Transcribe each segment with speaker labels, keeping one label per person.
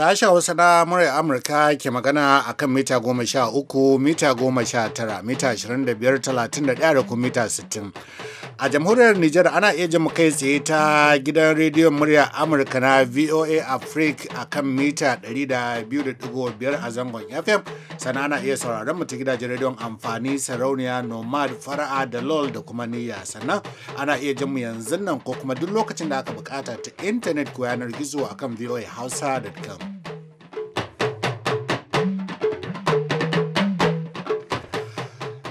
Speaker 1: Sasha Hausa na murai Amurka ke magana a kan mita goma sha uku, mita goma sha tara, mita ashirin da biyar, talatin da ɗaya da kuma mita sittin. A jamhuriyar Nijar ana iya jin kai tsaye ta gidan rediyon murya Amurka na VOA Africa a kan mita ɗari da biyu da ɗigo biyar a zangon FM. Sannan ana iya sauraron mu ta gidajen rediyon amfani sarauniya Nomad Fara'a da LOL da kuma Niyya. Sannan ana iya jin mu yanzu nan ko kuma duk lokacin da aka bukata ta intanet ko yanar gizo akan voahausa.com.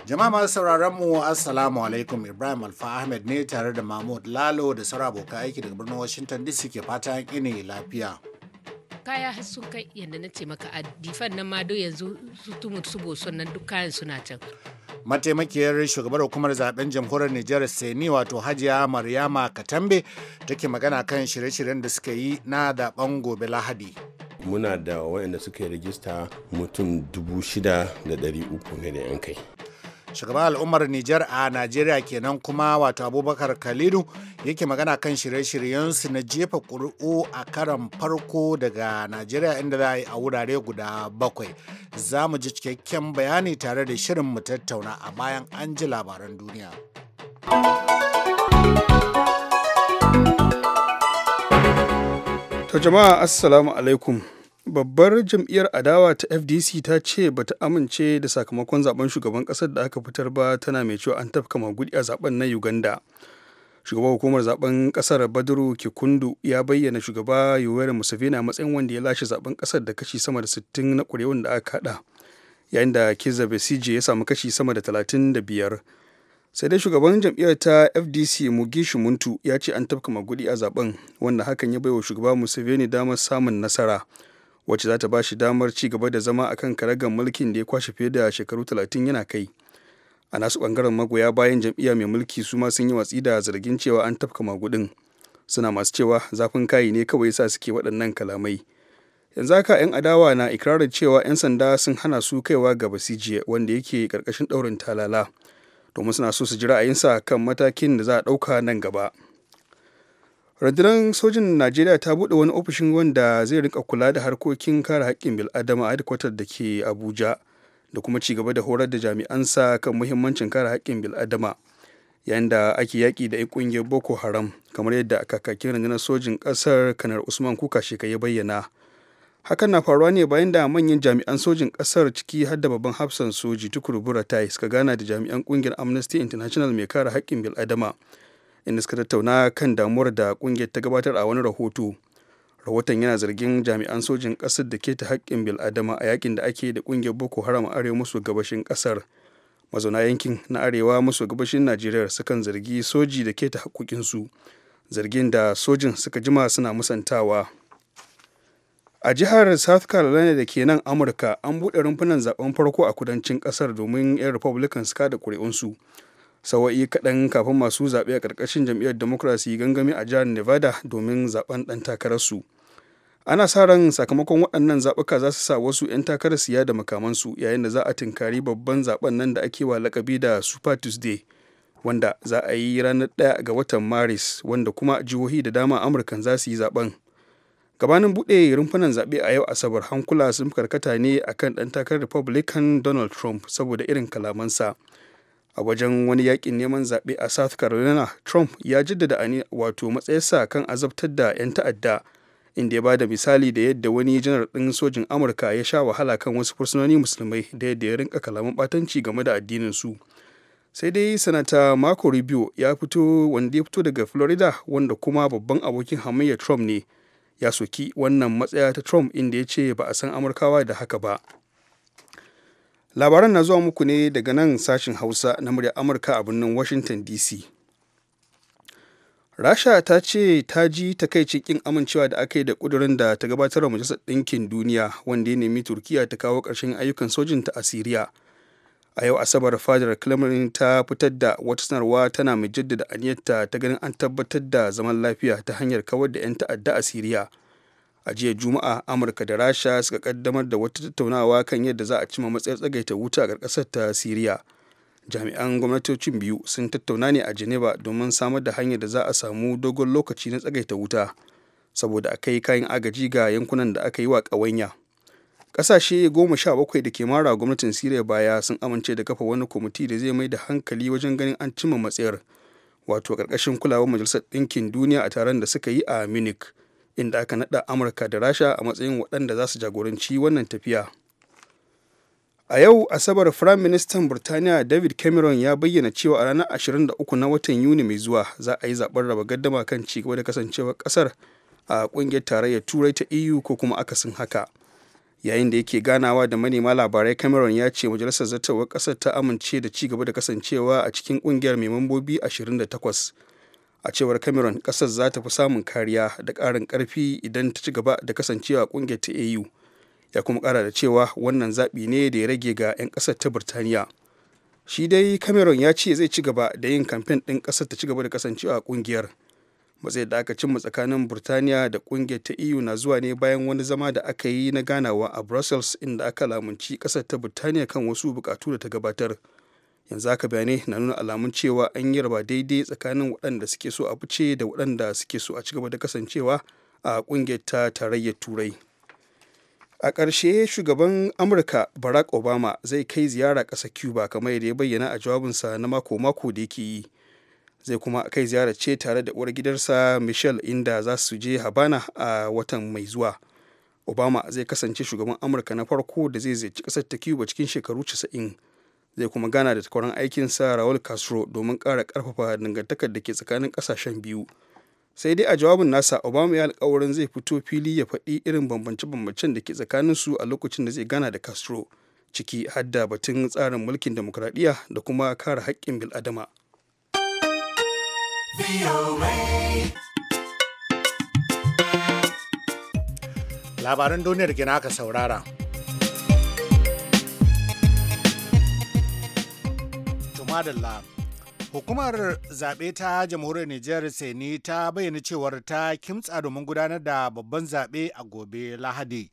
Speaker 1: Jama'a masu sauraron mu Assalamu alaikum Ibrahim Alfa Ahmed ne tare da Mahmud Lalo da sauran abokan aiki daga birnin Washington DC ke fatan ini lafiya.
Speaker 2: Kaya sun kai yadda na ce maka a difan nan mado yanzu su tumur su boson nan duk kayan suna can.
Speaker 1: Mataimakiyar shugabar hukumar zaben jamhuriyar Nijar Seni wato Hajiya Maryama Katambe take magana kan shirye-shiryen da suka yi na zaben gobe Lahadi.
Speaker 3: Muna da waɗanda suka yi rajista mutum dubu shida da ɗari uku ne da 'yan kai.
Speaker 1: shugaban al'ummar Nijar a Najeriya kenan kuma wato Abubakar Khalidu yake magana kan shirye-shiryensu na jefa ƙuri'u a karan farko daga Najeriya inda za a yi a wurare guda bakwai. Za mu ji cikakken bayani tare da shirin mu tattauna a bayan an ji labaran duniya.
Speaker 4: To jama'a assalamu alaikum. babbar jam'iyyar adawa ta fdc ta ce ba ta amince da sakamakon zaben shugaban kasar da aka fitar ba tana mai cewa an tafka magudi a zaben na uganda shugaban hukumar zaben kasar badru kikundu ya bayyana shugaba yoweri museveni a matsayin wanda ya lashe zaben kasar da kashi sama da 60 na kurewun da aka hada yayin da kiza besije ya samu kashi sama da 35 sai dai shugaban jam'iyyar ta fdc mugishi muntu ya ce an tafka magudi a zaben wanda hakan ya baiwa shugaba museveni damar samun nasara wacce za ta ba shi damar ci gaba da zama a kan karagar mulkin da ya kwashe fiye da shekaru talatin yana kai a nasu bangaren magoya bayan jam'iyya mai mulki su ma sun yi watsi da zargin cewa an tafka magudin suna masu cewa zafin kayi ne kawai sa suke waɗannan kalamai yanzu haka 'yan adawa na ikirarin cewa 'yan sanda sun hana su kaiwa ga basijiya wanda yake karkashin ɗaurin talala domin suna so su ji ra'ayinsa kan matakin da za a ɗauka nan gaba. rundunar sojin najeriya ta buɗe wani ofishin wanda zai rika kula da harkokin kare haƙƙin bil'adama a hedkwatar da ke abuja da kuma ci gaba da horar da jami'an sa kan muhimmancin kare haƙƙin bil'adama yayin da ake yaƙi da 'yan ƙungiyar boko haram kamar yadda kakakin rundunar sojin ƙasar kanar usman kuka sheka ya bayyana hakan na faruwa ne bayan da manyan jami'an sojin ƙasar ciki har da babban hafsan soji tukuru buratai suka gana da jami'an ƙungiyar amnesty international mai kare haƙƙin bil'adama inda suka tattauna kan damuwar da kungiyar ta gabatar a wani rahoto rahoton yana zargin jami'an sojin ƙasar da ke ta haƙƙin bil'adama a yakin da ake da kungiyar boko haram a arewa maso gabashin ƙasar mazauna yankin na arewa maso gabashin najeriya sukan zargi soji da ke ta zargin da sojin suka jima suna musantawa a jihar south carolina da ke nan amurka an buɗe rumfunan zaben farko a kudancin ƙasar domin 'yan republicans kada ƙuri'unsu sawa'i kaɗan kafin masu zaɓe a ƙarƙashin jam'iyyar demokrasi gangami a jihar nevada domin zaɓen ɗan takararsu ana sa ran sakamakon waɗannan zaɓuka za su sa wasu 'yan takarar siya da makamansu yayin da za a tinkari babban zaɓen nan da ake wa lakabi da super tuesday wanda za a yi ranar ɗaya ga watan maris wanda kuma jihohi da dama amurkan za su yi zaɓen gabanin buɗe rumfunan zaɓe a yau asabar hankula sun karkata ne akan ɗan takarar republican donald trump saboda irin kalamansa a wajen wani yakin neman zaɓe a south carolina trump ya jaddada ani wato matsayarsa kan azabtar da 'yan ta'adda inda ya bada misali da yadda wani janar ɗin sojin amurka ya sha wahala kan wasu fursunoni musulmai da yadda ya rinka kalaman ɓatanci game da addinin su sai dai sanata marco rubio ya fito wanda ya fito daga florida wanda kuma babban abokin hamayya trump ne ya soki wannan matsaya ta trump inda ya ce ba a san amurkawa da haka ba labaran na zuwa muku ne daga nan sashen hausa na murya amurka a birnin washington dc rasha ta ce ta ji ta takaicin kin amincewa da aka yi da kudurin da ta gabatar wa majalisar ɗinkin duniya wanda ya nemi turkiya ta kawo ƙarshen ayyukan sojinta a asiriya. a yau asabar fadar kremlin ta fitar da wata sanarwa tana mai jaddada aniyarta ta ganin an tabbatar da zaman lafiya ta hanyar kawar da 'yan ta'adda a siriya a jiya juma'a amurka da rasha suka kaddamar da wata tattaunawa kan yadda za a cima matsayar tsagaita wuta a karkasar ta siriya jami'an gwamnatocin biyu sun tattauna ne a geneva domin samar da hanyar da za a samu dogon lokaci na tsagaita wuta saboda a kai kayan agaji ga yankunan da aka yi wa ƙawanya ƙasashe goma sha bakwai da ke mara gwamnatin siriya baya sun amince da kafa wani kwamiti da zai mai da hankali wajen ganin an cimma matsayar wato ƙarƙashin kulawar majalisar ɗinkin duniya a taron da suka yi a munich inda aka naɗa amurka da rasha a matsayin waɗanda za su jagoranci wannan tafiya a yau asabar firayim ministan burtaniya david cameron ya bayyana cewa a ranar 23 na watan yuni mai zuwa za a yi zaɓen raba gaddama kan ci gaba da kasancewar ƙasar a ƙungiyar tarayyar turai ta eu ko kuma akasin haka yayin da yake ganawa da manema labarai cameron ya ce majalisar zartarwar ƙasar ta amince da ci gaba da kasancewa a cikin ƙungiyar mai mambobi 28 a cewar cameron kasar za ta fi samun kariya da karin karfi idan ta ci gaba da kasancewa ƙungiyar ta au ya kuma kara da cewa wannan zaɓi ne da ya rage ga 'yan ƙasar ta birtaniya shi dai cameron ya ce zai ci gaba da yin kamfen ɗin ƙasar ta ci gaba da kasancewa ƙungiyar matsayin da aka cimma tsakanin birtaniya da ƙungiyar ta eu na zuwa ne bayan wani zama da aka yi na ganawa a brussels inda aka lamunci ƙasar ta birtaniya kan wasu buƙatu da ta gabatar yanzu aka bayanai na nuna alamun cewa an yi raba daidai tsakanin waɗanda suke so a fice da waɗanda suke so a cigaba da kasancewa a ƙungiyar ta tarayyar turai a ƙarshe shugaban amurka barack obama zai kai ziyara ƙasa cuba kamar yadda ya bayyana a jawabinsa na mako-mako da yake yi zai kuma kai ziyara ce tare da uwar gidarsa michelle inda za su je habana a watan mai zuwa obama zai kasance shugaban amurka na farko da zai ziyarci ƙasar ta cuba cikin shekaru 90 zai kuma gana da takwaran aikinsa raul castro domin ƙara ƙarfafa dangantakar da ke tsakanin ƙasashen biyu sai dai a jawabin nasa obama ya alkawarin zai fito fili ya faɗi irin bambance-bambancen da ke tsakanin su a lokacin da zai gana da castro ciki hadda batun tsarin mulkin demokuraɗiyya da kuma kare haƙƙin bil'adama
Speaker 1: labaran duniyar gina aka saurara madalla hukumar zaɓe ta jamhuriyar nijar seni ta bayyana cewar ta kimtsa domin gudanar da babban zaɓe a gobe lahadi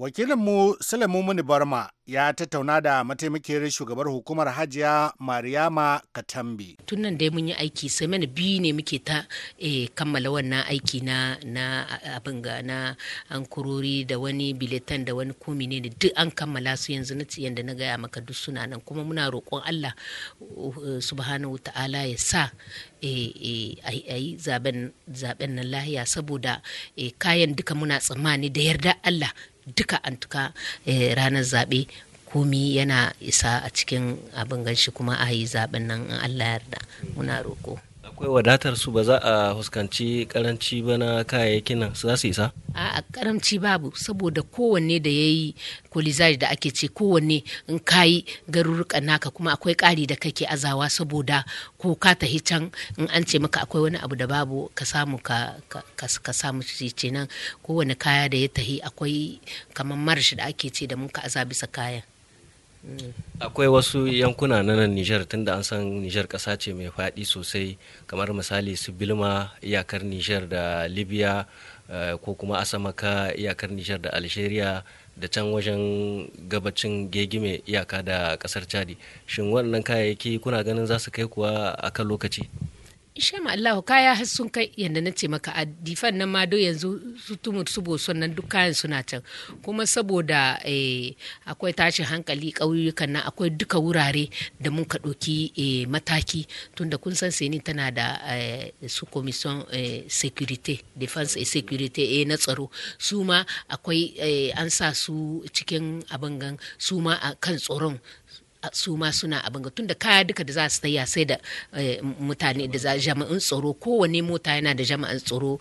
Speaker 1: Wakilinmu Salamu Muni Barma ya tattauna da mataimakiyar shugabar hukumar Hajiya Mariyama Katambi. Tun nan dai
Speaker 2: mun yi aiki sai mana biyu ne muke ta eh, kammala wannan aiki na na abin ga na ankurori da wani biletan da wani komi ne da duk an kammala su yanzu na ciyan da na gaya maka duk suna nan kuma muna roƙon Allah eh, subhanahu ta'ala ya sa eh, a yi zaben nan lahiya saboda kayan duka muna tsammani da yarda Allah duka an tuka eh, ranar zaɓe komi yana isa a cikin abin ganshi kuma a yi zaɓen nan Allah yarda muna roko.
Speaker 1: akwai wadatar su ba za a fuskanci karanci ba na kayayyakin nan su za su
Speaker 4: isa
Speaker 2: a karamci babu saboda kowanne da ya yi kolizaj da ake ce kowanne in kayi garuruka naka kuma akwai kari da kake azawa saboda ko ka tahi can in an ce maka akwai wani abu da babu ka samu ka, samu shi ce nan kowane kaya da ya tahi akwai kamar marashi da ake ce da muka aza bisa kayan
Speaker 1: akwai wasu yankuna na nan nijar tunda an san nijar kasa ce mai faɗi sosai kamar misali su bilma iyakar nijar da libya eh, ko kuma asamaka iyakar nijar da algeria da can wajen gabacin gegime iyaka da ƙasar chadi shin waɗannan kayayyaki kuna ganin za su kai kuwa a kan lokaci
Speaker 2: ma Allah kaya har sun kai yadda na ce maka a difan nan ma don yanzu su tumur su boson nan duk kayan suna can kuma saboda eh, akwai tashin hankali ƙauyukan nan akwai duka wurare da mun ka eh, mataki tunda kun san seni tana da eh, su commission security defense et security na tsaro su ma akwai an sa su cikin abin gan su ma a kan tsoron su ma suna abin ga tunda kaya duka da za su taya sai da eh, mutane da za jama'in tsaro kowane mota yana da jama'in tsaro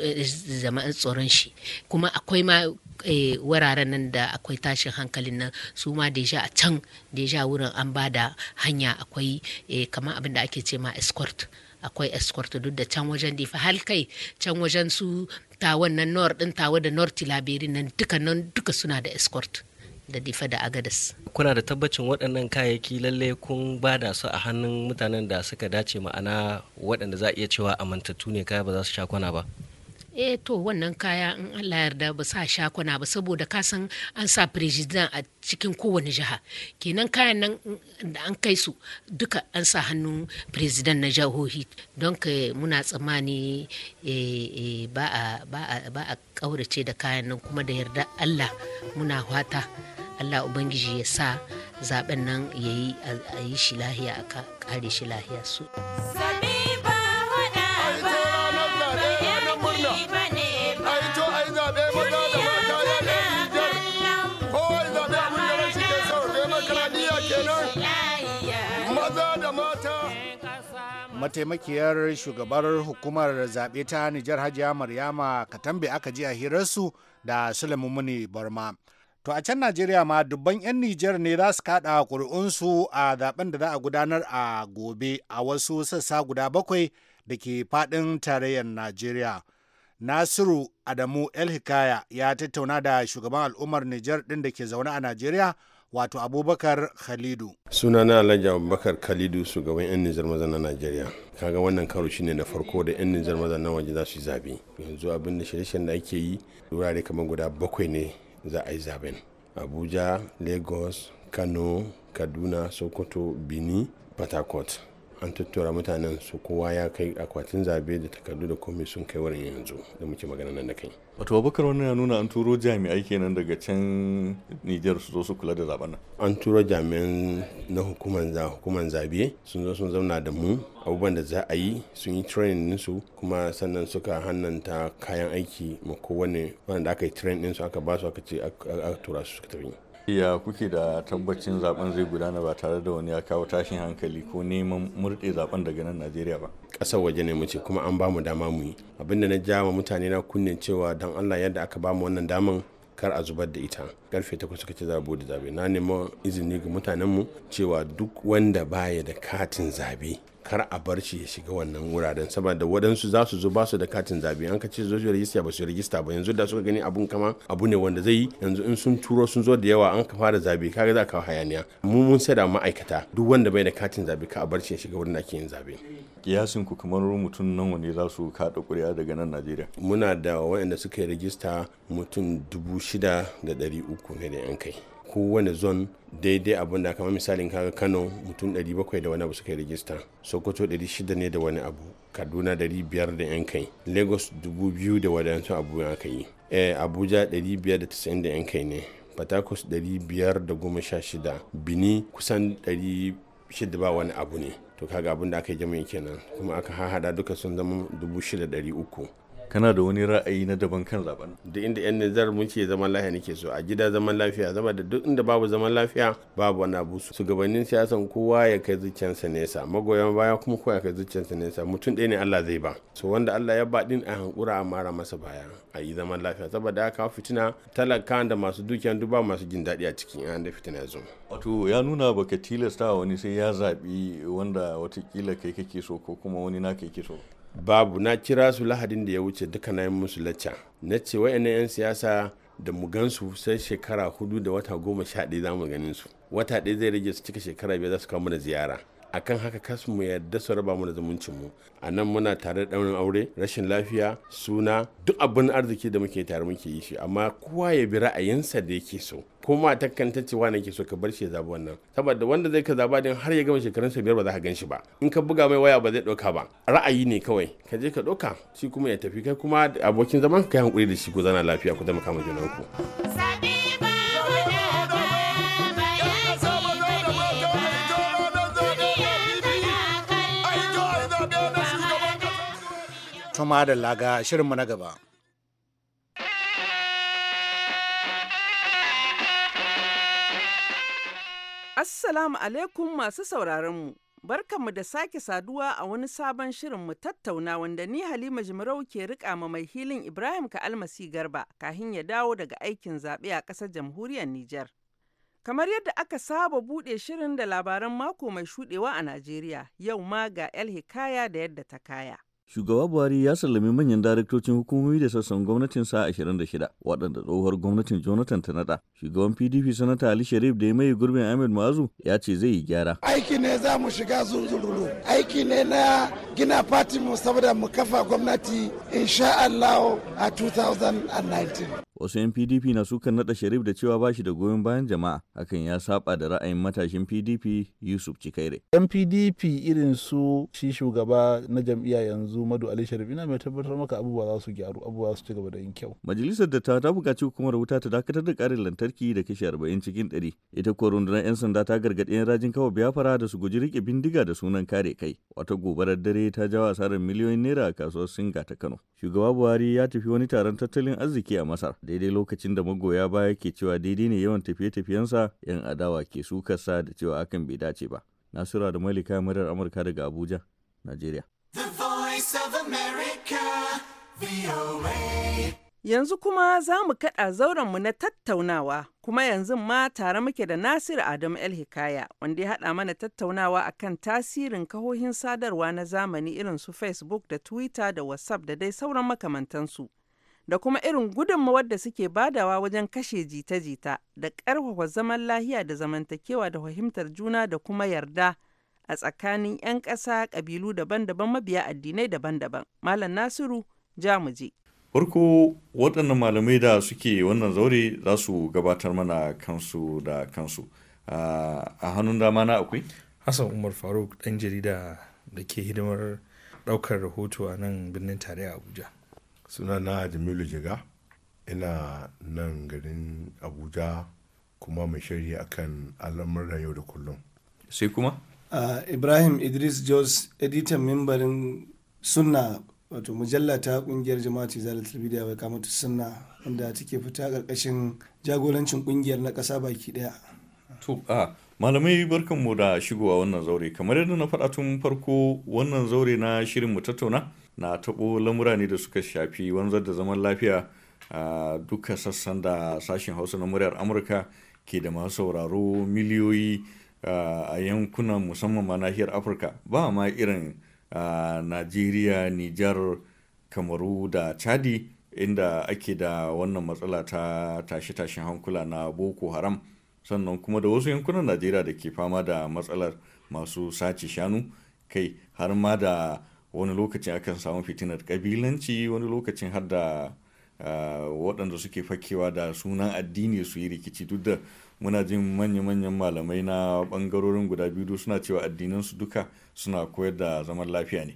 Speaker 2: eh, jama'in tsaron shi kuma akwai ma eh, wararen nan da akwai tashin hankalin nan su ma deja a can deja wurin an ba da hanya akwai kamar abin da ake ce ma escort akwai escort duk da can wajen difa hal kai can wajen su tawon nan nor din tawa da nor tilaberi nan duka nan duka suna da escort da difa da agadas
Speaker 1: kuna da tabbacin waɗannan kayayyaki lalle kun ba da su a hannun mutanen da suka dace ma'ana waɗanda za a iya cewa amintattu ne kaya ba za su sha kwana ba
Speaker 2: eh to wannan kaya in Allah yarda ba sa shakuna ba saboda ka san an sa president a cikin kowane jiha kenan kayan nan da an kai su duka an sa hannun president na jihohi don ka muna tsammani eh, eh, ba a kaurace da kayan nan kuma da yarda Allah muna fata Allah Ubangiji ya sa zaben nan ya yi shi lahiya a kare shi lahiya su.
Speaker 1: mataimakiyar shugabar hukumar zaɓe ta nijar hajiya maryama katambe aka ji a hirarsu da sulemumuni barma to a can najeriya ma dubban 'yan nijar ne za su kaɗa ƙuri'unsu a zaɓen da za a gudanar a gobe a wasu sassa guda bakwai da ke faɗin tarayyar najeriya nasiru adamu el hikaya ya tattauna da shugaban al'ummar nijar ɗin da ke zaune a najeriya wato abubakar khalidu
Speaker 3: sunana alhaji abubakar khalidu shugaban yan nijar maza na najeriya kaga wannan karo shine na farko da yan nijar maza na waje za su yi zabe yanzu abin da shirye-shiryen da ake yi wurare kamar guda bakwai ne za a yi zaben abuja lagos kano kaduna sokoto benin port an tattura mutanen su kowa ya kai akwatin zabe da takardu da komai sun kai wurin yanzu da muke magana nan da kai
Speaker 5: wato abubakar wannan ya nuna an turo jami'ai kenan daga can nijar su zo su kula da zaben nan
Speaker 3: an turo jami'an na hukuman za hukumar zabe sun zo sun zauna da mu abubuwan da za a yi sun yi training su kuma sannan suka hannanta kayan aiki ma kowane wanda aka yi training su aka ba su aka ce aka tura su suka tafi
Speaker 5: ya kuke da tabbacin zaben zai gudana ba tare da wani ya kawo tashin hankali ko neman murɗe zaben daga nan
Speaker 3: najeriya ba ƙasar waje ne muce kuma an bamu dama mu yi abinda na ja wa mutane na kunnen cewa don allah yadda aka bamu wannan daman kar a zubar da ita karfe ta suka ce zabo da zabe na nemi izini ga mutanenmu cewa duk wanda baya da katin zabe kar a bar shi ya shiga wannan wuraren saboda waɗansu za su zo ba su da katin zabe an ka ce zo su rajista ba su rijista ba yanzu da suka gani abun kama abu ne wanda zai yi yanzu in sun turo sun zo da yawa an ka fara zabe kaga za kawo hayaniya mu mun da ma'aikata duk wanda bai da katin zabi ka a bar shi ya shiga wurin ake yin zabe kiyasin ku kamar mutum nan wani za su kaɗa ƙuri'a daga nan Najeriya muna da waɗanda suka yi rajista mutum dubu shida da ɗari uku ne da 'yan kai kowane zone daidai abin da kamar misalin kaga kano mutum 700 da wani abu suka yi rajista sokoto 600 ne da wani abu kaduna 500 da yan kai lagos 2000 da wadansu abu aka yi eh, abuja 590 da yan kai ne patakos 516 bini kusan 600 ba wani abu ne to kaga abin da aka yi jami'in kenan kuma aka hada duka sun zama 6,300
Speaker 5: kana da wani ra'ayi na
Speaker 3: daban kan zaben duk inda yan mun muke zaman lafiya nake so a gida zaman lafiya zama da duk inda babu zaman lafiya babu wani abu su gabanin siyasan kowa ya kai zuciyarsa nesa magoyan baya kuma kowa ya kai zuciyarsa nesa mutum ɗaya ne Allah zai ba so wanda Allah ya ba din a hankura a mara masa baya a yi zaman lafiya saboda aka fitina talaka da masu dukiyan duk masu jin daɗi a cikin yan da fitina ya zo wato ya nuna baka
Speaker 5: tilasta wani sai ya zaɓi wanda watakila kai kake so ko
Speaker 3: kuma wani naka kai so babu na kira su lahadin da ya wuce duka na yi musu lacca na ce wa'annan 'yan siyasa da mu gansu sai shekara hudu da wata goma sha ɗaya za mu ganin su wata ɗaya zai rage su cika shekara biyar za su kawo mana ziyara akan haka kasu mu yadda su raba mu da zumuncin mu a nan muna tare da daurin aure rashin lafiya suna duk abin arziki da muke tare muke yi shi amma kowa ya bi ra'ayinsa da yake so ko ma takkanta cewa na ke so ka bar shi ya zaɓi wannan saboda wanda zai ka zaba din har ya gama shekarun sa biyar ba za ka gan shi ba in ka buga mai waya ba zai ɗauka ba ra'ayi ne kawai ka je ka ɗauka shi kuma ya tafi kai kuma abokin zaman ka yi hankuri da shi ko zana lafiya ku zama kama junanku. ku
Speaker 1: To madalla ga shirinmu na gaba.
Speaker 6: Assalamu alaikum masu sauraronmu. Barkanmu da sake saduwa a wani sabon shirin mu tattauna wanda ni Halima Jimarau ke rika ma mai hilin Ibrahim Ka'almasi Garba kahin ya dawo daga aikin zaɓe a ƙasar jamhuriyar Nijar. Kamar yadda aka saba buɗe shirin da labaran mako mai shuɗewa a Najeriya, yau ma ga El Hikaya da yadda ta kaya.
Speaker 5: Shugaba Buhari ya sallami manyan daraktocin hukumomi da sassan gwamnatin sa 26 waɗanda tsohuwar gwamnatin Jonathan ta nada. Shugaban PDP Sanata Ali Sharif da ya mai gurbin Ahmed Mazu ya ce zai yi gyara.
Speaker 7: Aiki ne za mu shiga zunzururu. Aiki ne na gina fati mu saboda mu kafa gwamnati insha Allah a 2019.
Speaker 5: wasu 'yan pdp na sukan nada sharif da cewa bashi da goyon bayan jama'a hakan ya saba da ra'ayin matashin pdp yusuf cikaire
Speaker 1: yan pdp irin su shi shugaba na jam'iyya yanzu madu ali sharif ina mai tabbatar maka abubuwa za su gyaru abubuwa su ci gaba da yin kyau
Speaker 5: majalisar da ta ta bukaci hukumar wuta ta dakatar da karin lantarki da kashi arba'in cikin ɗari ita kuwa rundunar 'yan sanda ta gargaɗi 'yan rajin kawo biyafara da su guji rike bindiga da sunan kare kai wata gobarar dare ta jawo asarar miliyoyin naira a kasuwar singa ta kano shugaba buhari ya tafi wani taron tattalin arziki a masar daidai lokacin da magoya baya ke cewa daidai ne yawan tafiye-tafiyensa 'yan adawa ke sukarsa da cewa akan bai dace ba nasura da malika murar amurka daga abuja najeriya
Speaker 6: Yanzu kuma za mu kaɗa mu na tattaunawa, kuma yanzu ma tare muke da Nasiru adamu El Hikaya, wanda ya haɗa mana tattaunawa akan tasirin kahohin sadarwa na zamani irin su Facebook da Twitter da WhatsApp da dai sauran makamantansu. da kuma irin gudunmawar da suke badawa wajen kashe jita-jita da ƙarfafa zaman lahiya da zamantakewa da fahimtar juna da kuma yarda a tsakanin 'yan ƙasa ƙabilu daban-daban mabiya addinai daban-daban. Malam Nasiru Jamuje.
Speaker 5: Farko waɗannan malamai da suke wannan zaure za su gabatar mana kansu da kansu.
Speaker 8: A hannun dama na akwai? Hassan Umar Faruk ɗan jarida da ke hidimar ɗaukar rahoto a nan birnin tarayya Abuja. suna na jamilu jiga
Speaker 9: ina nan garin abuja kuma mai shari akan
Speaker 5: al'amuran yau da kullum sai kuma
Speaker 7: ibrahim idris jos editan mimbarin sunna wato mujalla ta kungiyar jama'ati da talbidiya bai kamata sunna wanda take fita karkashin jagorancin kungiyar na kasa baki daya to
Speaker 5: a malamai barkanmu da shigowa wannan zaure kamar yadda na faɗa tun farko wannan zaure na shirin mu tattauna na taɓo lamura ne da suka shafi wanzar da zaman lafiya a duka sassan da sashen hausa na muryar amurka ke da masu sauraro miliyoyi a yankunan musamman ma nahiyar afirka ba ma irin najeriya nijar kamaru da chadi inda ake da wannan matsala ta tashe-tashen hankula na boko haram sannan kuma da wasu yankunan najeriya da ke fama da matsalar masu sace shanu kai har ma da wani lokacin akan samu fitinar kabilanci wani lokacin har da ah, waɗanda suke fakewa da sunan addini su yi rikici duk da muna jin manya-manyan malamai na bangarorin guda biyu suna cewa addinansu duka suna koyar da zaman lafiya ne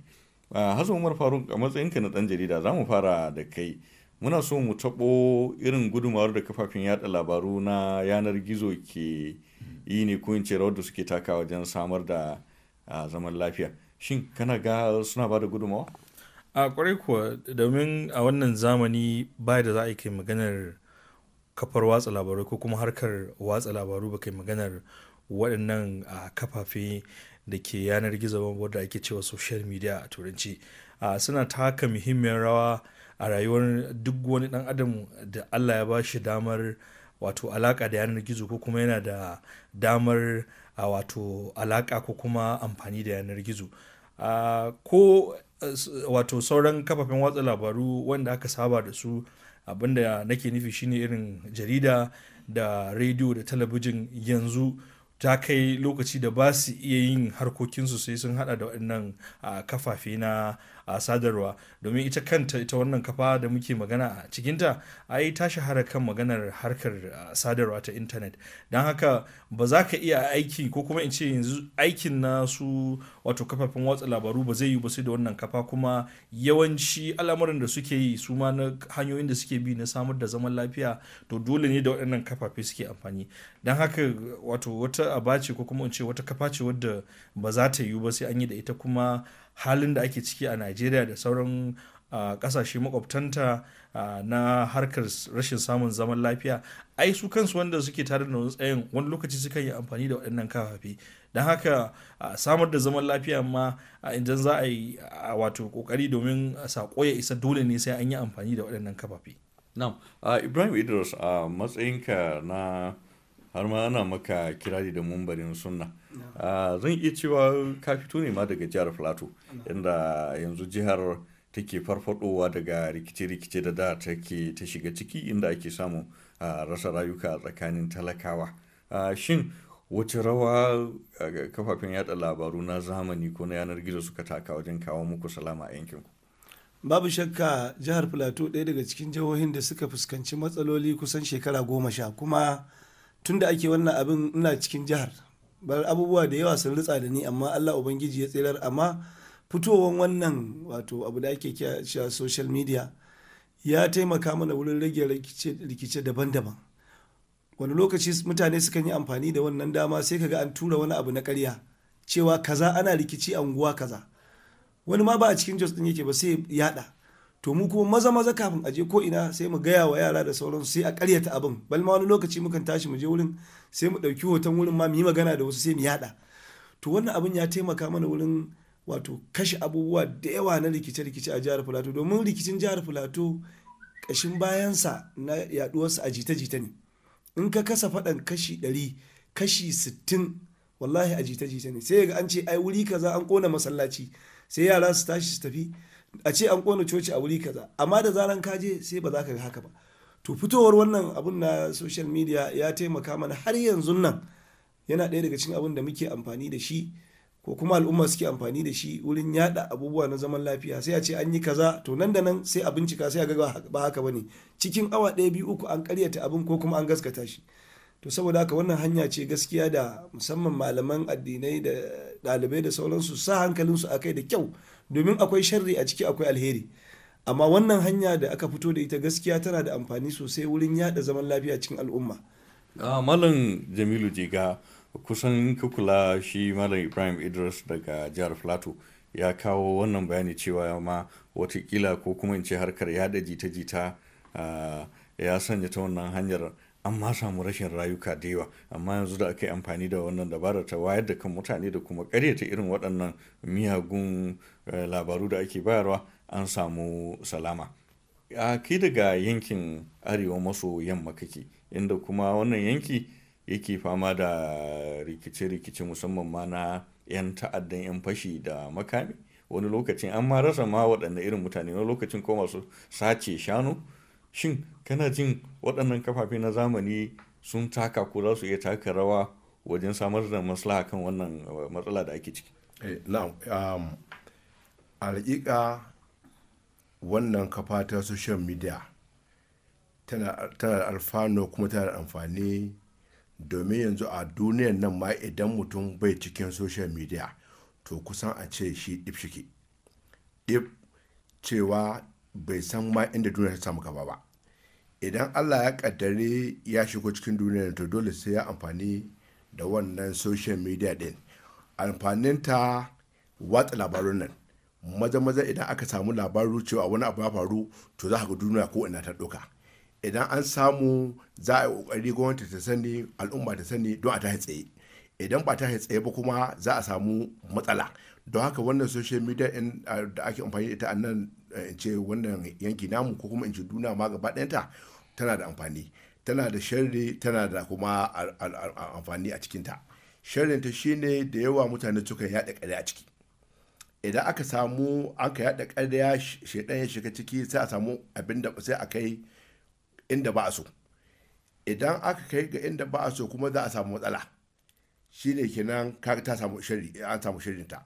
Speaker 5: ah, hazo umar faruk a matsayinka na ɗan jarida za mu fara da kai muna so mu taɓo irin gudumawar da kafafen yada labaru na yanar gizo ke yi ne ko in ce rawar da suke taka wajen samar da ah, zaman lafiya shin kana ga
Speaker 8: suna ba da gudunmawa a kwarai kuwa domin a wannan zamani ba da za a kai maganar kafar watsa labarai ko kuma harkar watsa labaru ba kai maganar waɗannan a kafafe da ke yanar gizo ba wadda ake cewa social media a turanci suna taka muhimmiyar rawa a rayuwar duk wani ɗan adam da allah ya ba shi damar wato alaƙa da yanar gizo ko kuma yana da damar a wato alaƙa ko kuma amfani da yanar gizo ko eh, wato sauran kafafen watsa labaru wanda aka saba da su abinda nake nufi shine irin jarida da rediyo da talabijin yanzu ta kai lokaci da ba su iya yin harkokinsu sai sun hada da waɗannan kafafe na a sadarwa domin ita kanta ita wannan kafa da muke magana a cikinta ai ta shahara kan maganar harkar sadarwa ta intanet don haka ba za ka iya aiki ko kuma in ce yanzu aikin na su wato kafafen watsa labaru ba zai yi ba sai da wannan kafa kuma yawanci al'amuran da suke yi su ma na hanyoyin da suke bi na samar da zaman lafiya to dole ne da waɗannan kafafe suke amfani don haka wato wata abace ko kuma in ce wata kafa ce wadda ba za ta yiwu ba sai an yi da ita kuma halin da ake ciki a najeriya da sauran kasashe makwabtanta na harkar rashin samun zaman lafiya ai su kansu wanda suke tare da tsayin wani lokaci suka yi amfani da waɗannan kafafi. don haka samar da zaman lafiya ma idan za a yi wato kokari domin sako ya isa dole ne sai an yi amfani da waɗannan kafafi.
Speaker 5: Ibrahim Idris a matsayinka na har ma ana maka kirari da mumbarin sunna zan iya cewa ka fito ne ma daga jihar plateau inda yanzu jihar take farfadowa daga rikice-rikice da da take ta shiga ciki inda ake samu rasa rayuka tsakanin talakawa shin wace rawa kafafen yada labaru na zamani ko na yanar gizo suka taka wajen kawo muku salama a yankinku
Speaker 7: babu shakka jihar plateau ɗaya daga cikin jihohin da suka fuskanci matsaloli kusan shekara goma sha kuma tunda ake wannan abin ina cikin jihar bar abubuwa da yawa sun ritsa da ni amma Allah ubangiji ya tsirar amma fitowar wannan wato abu da ake a social media ya taimaka mana wurin rage rikice daban-daban wani lokaci mutane sukan yi amfani da wannan dama sai kaga an tura wani abu na karya cewa kaza ana rikici a unguwa kaza wani ma ba a cikin jos din yake ba sai yada to mu kuma maza maza kafin a je ko ina sai mu gaya wa yara da sauran sai a karyata abin bal ma wani lokaci mukan tashi mu je wurin sai mu ɗauki hoton wurin ma mu yi magana da wasu sai mu yaɗa to wannan abin ya taimaka mana wurin wato kashe abubuwa da yawa na rikice-rikice a jihar filato domin rikicin jihar filato kashin bayansa na yaduwarsa a jita-jita ne in ka kasa faɗan kashi ɗari kashi sittin wallahi a jita-jita ne sai ga an ce ai wuri kaza an kona masallaci sai yara su tashi su tafi a ce an kona coci a wuri kaza amma da zaran ka je sai ba za ka ga haka ba to fitowar wannan abun na social media ya taimaka mana har yanzu nan yana ɗaya daga cikin abun da muke amfani da shi ko kuma al'umma suke amfani da shi wurin yada abubuwa na zaman lafiya sai a ce an yi kaza to nan da nan sai a bincika sai a ga ba haka bane cikin awa ɗaya biyu uku an karyata abin ko kuma an gaskata shi to saboda haka wannan hanya ce gaskiya da musamman malaman addinai da ɗalibai da sauransu sa hankalinsu a kai da kyau domin akwai sharri a ciki akwai alheri amma wannan hanya da aka fito da ita gaskiya tana da amfani sosai wurin yada zaman lafiya cikin al'umma
Speaker 5: malam jamilu jiga kusan kukula shi malam ibrahim idris daga jihar plateau ya kawo wannan bayani cewa ma watakila ko kuma in ce harkar yada jita-jita ya sanya ta wannan hanyar an ma samu rashin rayuka da yawa amma yanzu da aka yi amfani da wannan dabarar ta wayar da kan mutane da kuma karyata irin waɗannan miyagun eh, labaru da ake bayarwa an samu salama a kai daga yankin arewa maso yamma kake inda kuma wannan yanki yake fama da rikice-rikice musamman ma na 'yan ta'addan 'yan fashi da makami wani lokacin an ma rasa ma waɗanda irin mutane wani lokacin ko masu sace shanu shin kana jin waɗannan kafafe na zamani sun taka ko za su iya taka rawa wajen samar da maslaha kan wannan eh, matsala da ake ciki eh,
Speaker 9: alƙiƙa um, wannan kafa ta social media tana da alfano kuma tana da amfani domin yanzu a duniyar nan ma idan mutum bai cikin social media to kusan a ce shi ɗif ɗif cewa bai san ma inda duniya ta samu gaba ba idan allah ya kaddare ya shigo cikin duniya to dole sai ya amfani da wannan social media din amfaninta watsa labarun nan maza maza idan aka samu labaru cewa wani abu ya faru to za ga duniya ko ina ta doka idan an samu za a yi kokari gwamnati ta sani al'umma ta sani don a ta tsaye idan ba ta tsaye ba kuma za a samu matsala don haka wannan social media da ake amfani da ita a nan in ce wannan yanki namu ko kuma in ce duna ma gaba ɗayanta tana da amfani tana da sharri tana da kuma amfani a cikinta sharrin ta shine da yawa mutane suka yaɗa ƙarya a ciki idan aka samu aka yaɗa ƙarya shaidan ya shiga ciki sai a samu abin da sai a kai inda ba a so idan aka kai ga inda ba a so kuma za a samu matsala shine kenan ka ta samu shiri an samu shirin ta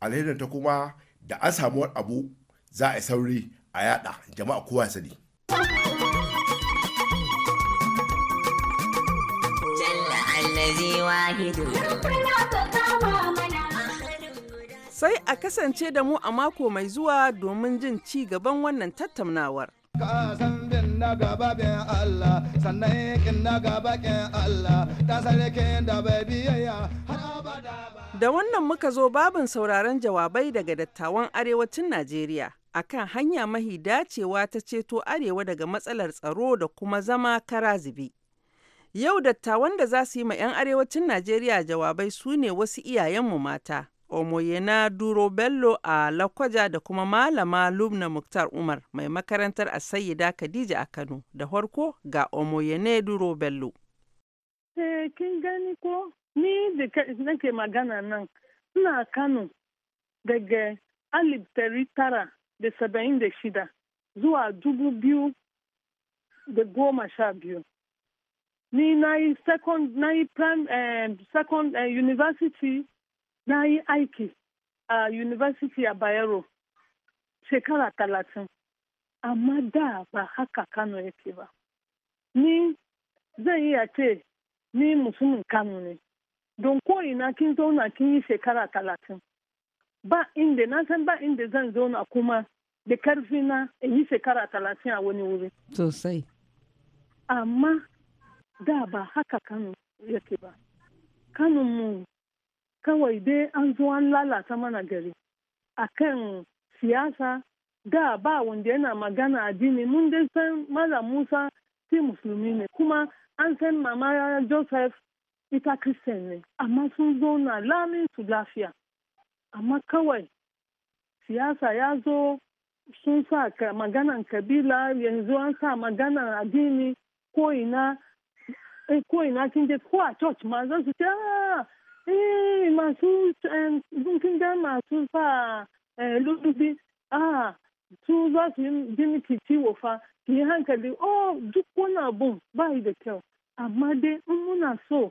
Speaker 9: alherin ta kuma da an samu abu za a yi sauri a yada jama'a kowa ya sani
Speaker 6: Sai a kasance da mu a mako mai zuwa domin jin ci gaban wannan tattaunawar. kinna gaba bin
Speaker 7: Allah sannan gaba kin Allah dan da bai biyayya har
Speaker 6: abada Da wannan muka zo babin sauraron jawabai daga dattawan arewacin Najeriya akan hanya mahi dacewa ta ceto arewa daga matsalar tsaro da kuma zama kara karazibi. Yau dattawan da za su yi ma 'yan arewacin Najeriya jawabai su ne wasu iyayenmu mata. Omoyena Duro Bello a Lakwaja da kuma Malama Lubna Muktar Umar mai makarantar a Sayyida Khadija a Kano. Da farko ga Omoyene Duro Bello.
Speaker 10: Eh, kin gani ko ni da nake magana nan ina Kano daga alif tari tara da saba'in da shida zuwa dubu biyu da goma sha biyu. Ni na yi second, eh, eh, university n'ayi aiki a yunivasiti ya Bayero shekara talatin, amma da ba haka Kano yake ba. Ni zai iya ce ni musulmin Kano ne, don na kin zauna kin yi shekara talatin. Ba inda, na san ba inda zan zauna kuma da karfi na in yi shekara talatin a wani wuri. Sosai. Amma da ba haka Kano yake ba. Kano mu kawai dai an zo an lalata mana gari a kan siyasa da ba wanda yana magana addini mun dai san mala musa si musulmi ne kuma an san mama joseph ita christian ne amma sun zo na lamin su lafiya amma kawai siyasa ya zo sun sa maganan kabila yanzu an sa maganan addini eh, ko ina kin ko a church ma za su ce ah, ee eh, masu gunkin masu sa e, lulubi a su za su yi miki ciwo fa ki yi hankali oh duk wani abun ba yi da kyau amma dai in muna so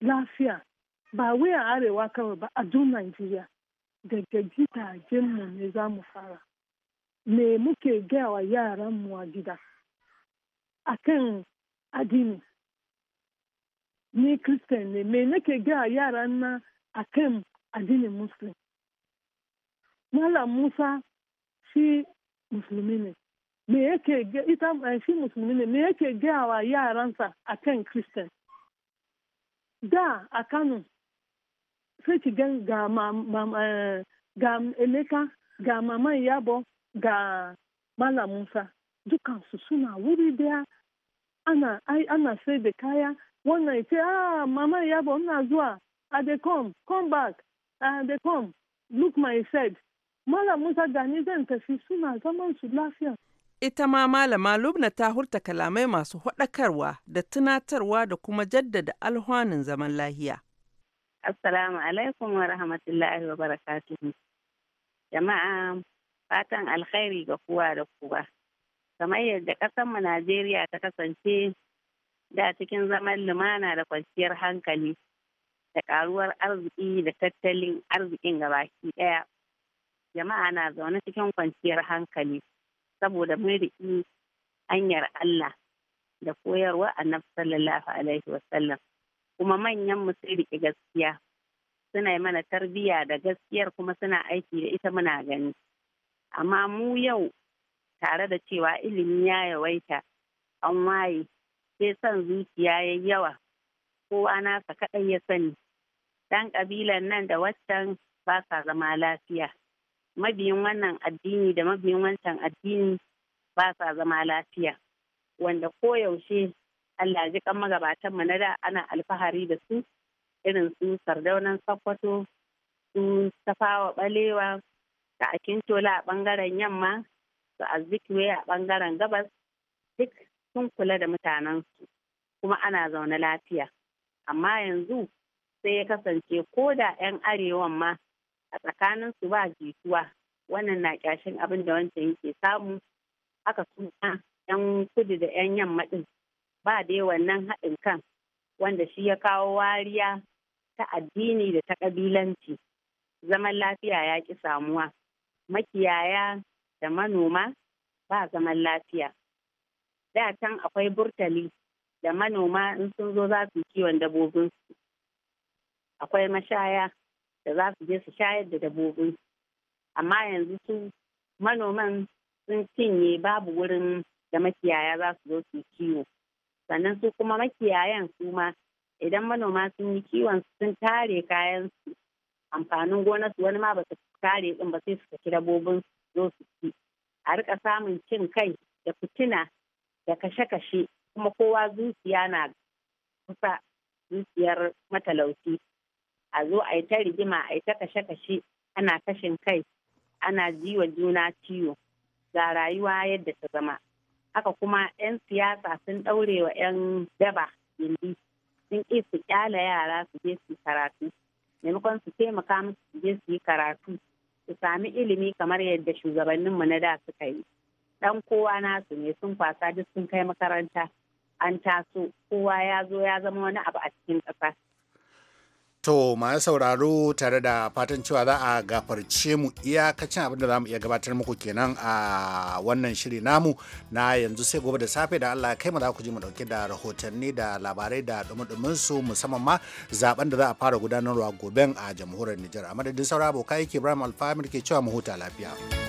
Speaker 10: lafiya ba wai a arewa kawai ba a duk najeriya daga mu ne za mu fara me muke gaya wa yaranmu a gida akan addini ni kristen ne me nake gaya yara na a kan addinin muslim malam musa shi musulmi ne me yake ita eh, shi musulmi ne me yake gaya wa yaransa a kan kristen da a kano sai ki gan ga eh, ga eleka ga maman yabo ga malam musa dukansu suna wuri daya ana sai da kaya wannan ce ah mama yabo na zuwa i dey come come back i dey come look my head malam musa gani zan tafi suna zaman su lafiya
Speaker 6: ita ma malama lubna ta hurta kalamai masu haɗakarwa da tunatarwa da kuma jaddada alhwanin zaman lahiya
Speaker 11: assalamu alaikum wa rahmatullahi wa barakatuhu jama'a fatan alkhairi ga kowa da kowa kamar yadda ƙasarmu najeriya ta kasance da cikin zaman lumana da kwanciyar hankali da karuwar arziki da tattalin arzikin gabaki daya jama'a na zaune cikin kwanciyar hankali saboda mai hanyar Allah da koyarwa annabi sallallahu alaihi wasallam kuma manyan mu su riƙe gaskiya suna mana tarbiyya da gaskiyar kuma suna aiki da ita muna gani amma mu yau tare da cewa ilimi ya yawaita an waye sai son zuciya ya yawa kowa nasa kaɗan ya sani ɗan ƙabilan nan da waccan ba sa zama lafiya mabiyin wannan addini da mabiyin wancan addini ba sa zama lafiya wanda koyaushe Allah ji kan magabatan mu na da ana alfahari da su irin su sardaunan sakwato su tafawa balewa da tola a bangaren yamma su azikiwe a bangaren gabas duk sun kula da mutanensu kuma ana zaune lafiya amma yanzu sai ya kasance ko da 'yan arewan ma a tsakaninsu ba jituwa wannan na kyashin abin da wancan yake samu haka suna 'yan kudu da 'yan yamma ɗin ba dai wannan haɗin kan wanda shi ya kawo wariya ta addini da ta ƙabilanci zaman lafiya ya ƙi samuwa makiyaya da manoma ba zaman lafiya da can akwai burtali da manoma in sun zo za su kiwon su. akwai mashaya da za su je su shayar da dabobin amma yanzu su manoman sun cinye babu wurin da makiyaya za su zo su kiwo sannan su kuma makiyayan su ma idan manoma sun yi kiwon sun tare kayan su amfanin su wani ma ba su tare din ba sai su saki dabobin su zo su ci a rika samun cin kai da fitina da kashe-kashe kuma kowa zuciya na kusa zuciyar matalauci a zo a yi ta rigima a yi ta kashe-kashe ana kashin kai ana jiwa juna ciwo ga rayuwa yadda ta zama haka kuma 'yan siyasa sun ɗaure wa 'yan daba gindi sun ƙi su ƙyala yara su je su karatu maimakon su taimaka musu su je su yi karatu su sami ilimi kamar yadda shugabanninmu na da suka yi dan kowa nasu ne sun kwasa duk sun kai makaranta an taso kowa ya zo ya zama wani abu a cikin ƙasa.
Speaker 1: To masu sauraro tare da fatan cewa za a gafarce mu iyakacin abin da za mu iya gabatar muku kenan a wannan shiri namu na yanzu sai gobe da safe da Allah kai mu za ku ji mu dauke da rahotanni da labarai da dumudumin su musamman ma zaben da za a fara
Speaker 9: gudanarwa goben a jamhuriyar Nijar a madadin saura abokai ke Ibrahim da ke cewa mu huta lafiya.